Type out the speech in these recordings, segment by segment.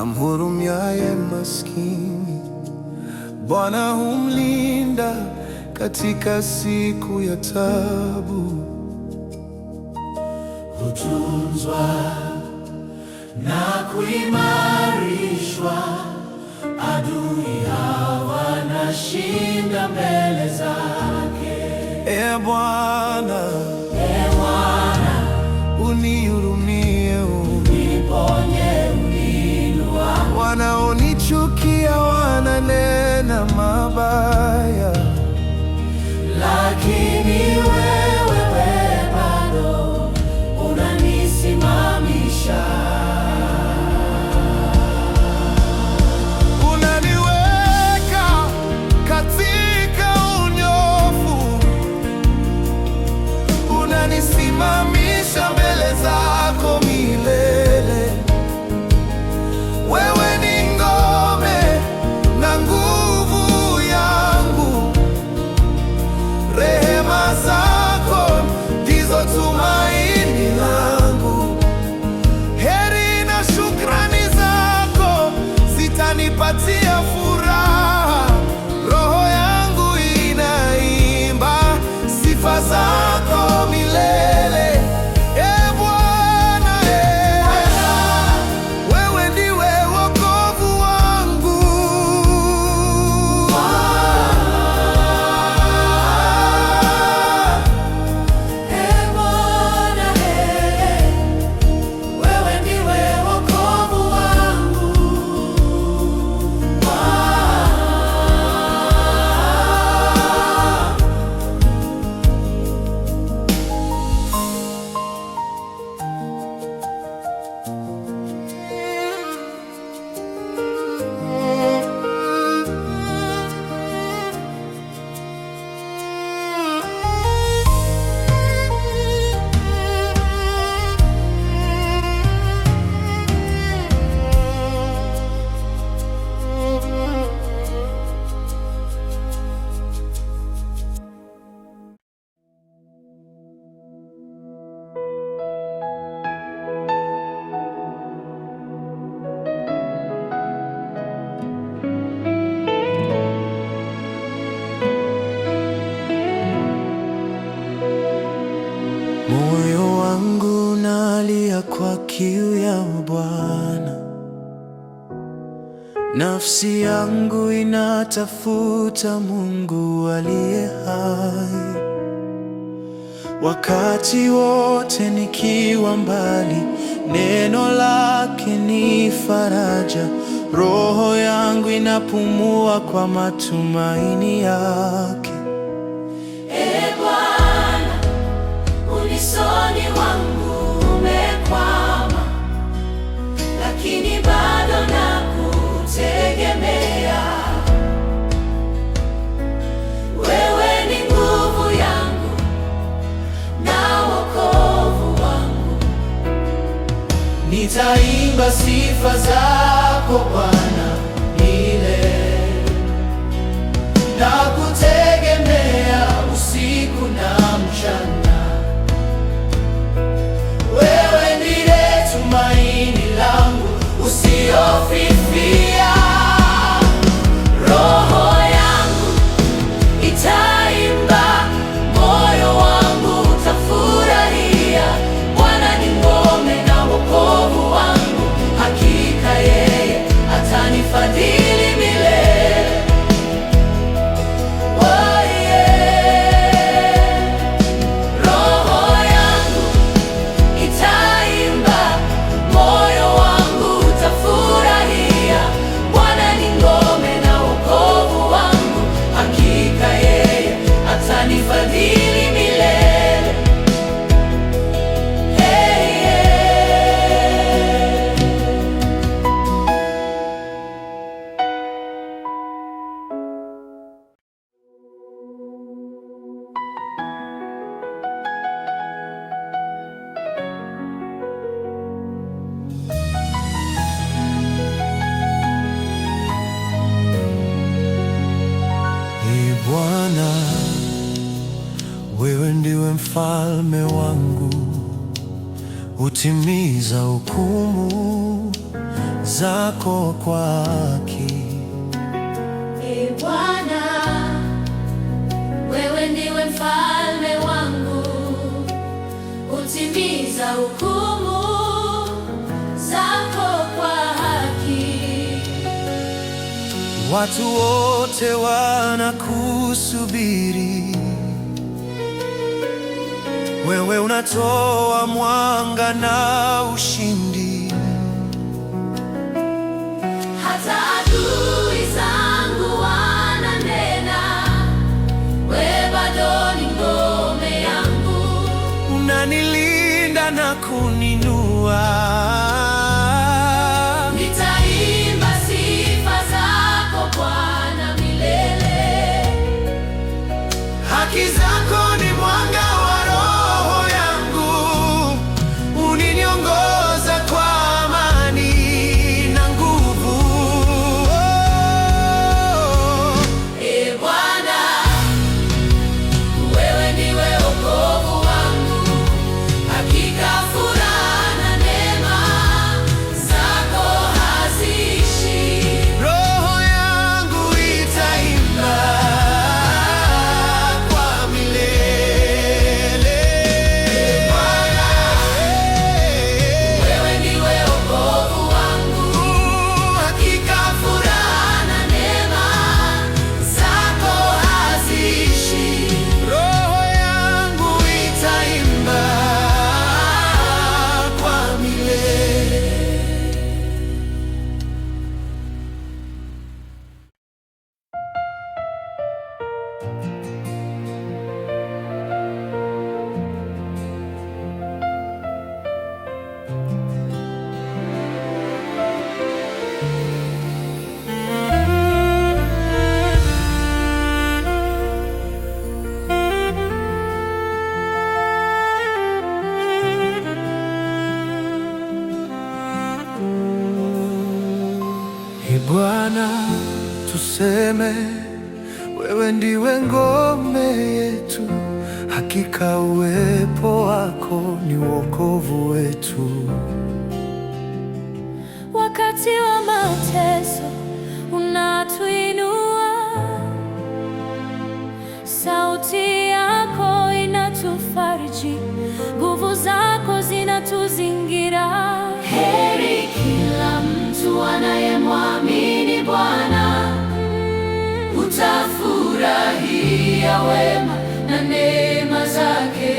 amhurumiaye maskini. Bwana humlinda katika siku ya tabu hutunzwa na kuimarishwa. Adui hawanashinda mbele zake. E Bwana Nafsi yangu inatafuta Mungu aliye hai, wakati wote nikiwa mbali, neno lake ni faraja. Roho yangu inapumua kwa matumaini yake. Ee Bwana, unisoni wangu nitaimba sifa zako Bwana. mfalme wangu, hutimiza hukumu zako kwa haki. E Bwana, wewe ndiwe mfalme wangu, hutimiza hukumu zako kwa haki. Watu wote wanakusubiri wewe unatoa mwanga na ushindi, hata adui zangu wananena, wewe bado ni ngome yangu, unanilinda na kuninua Haki zako yetu, hakika uwepo wako ni wokovu wetu. Wakati wa mateso unatuinua, sauti yako inatufariji, nguvu zako zinatuzingira wema na neema zake.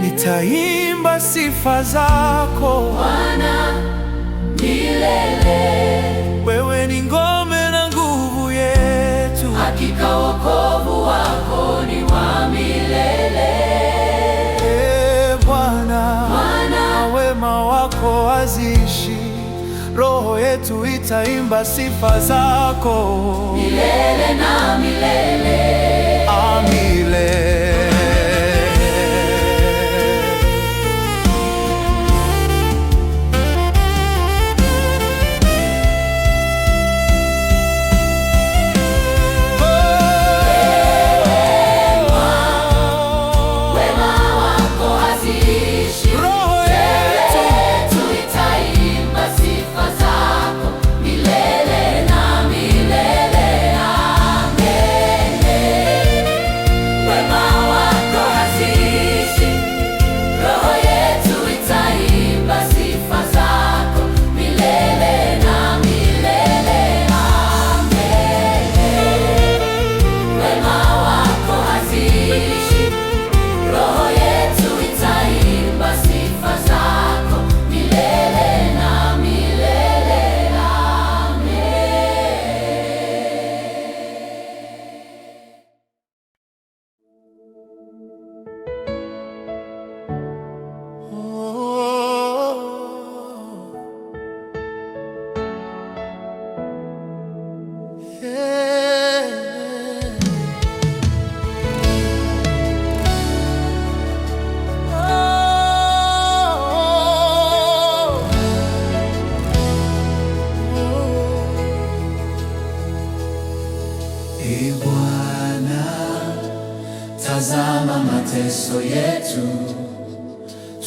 Nitaimba sifa zako Bwana milele, wewe ni ngome na nguvu yetu. Hakika wokovu wako ni wa milele. Ee Bwana, wema wako wazishi roho yetu itaimba sifa zako milele na milele. Yeah.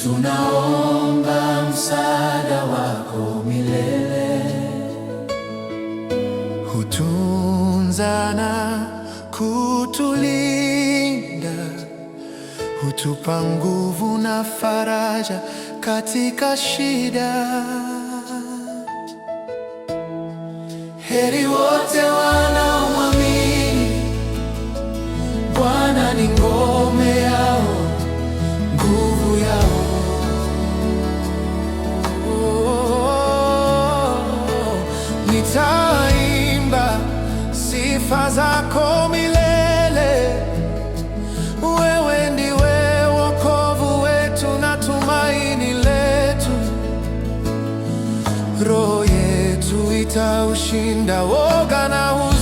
tunaomba msaada wako milele. Hutunza na kutulinda, hutupa nguvu na faraja katika shida. Heri wote wanaomwamini Bwana ni ngome roho yetu itaushinda woga na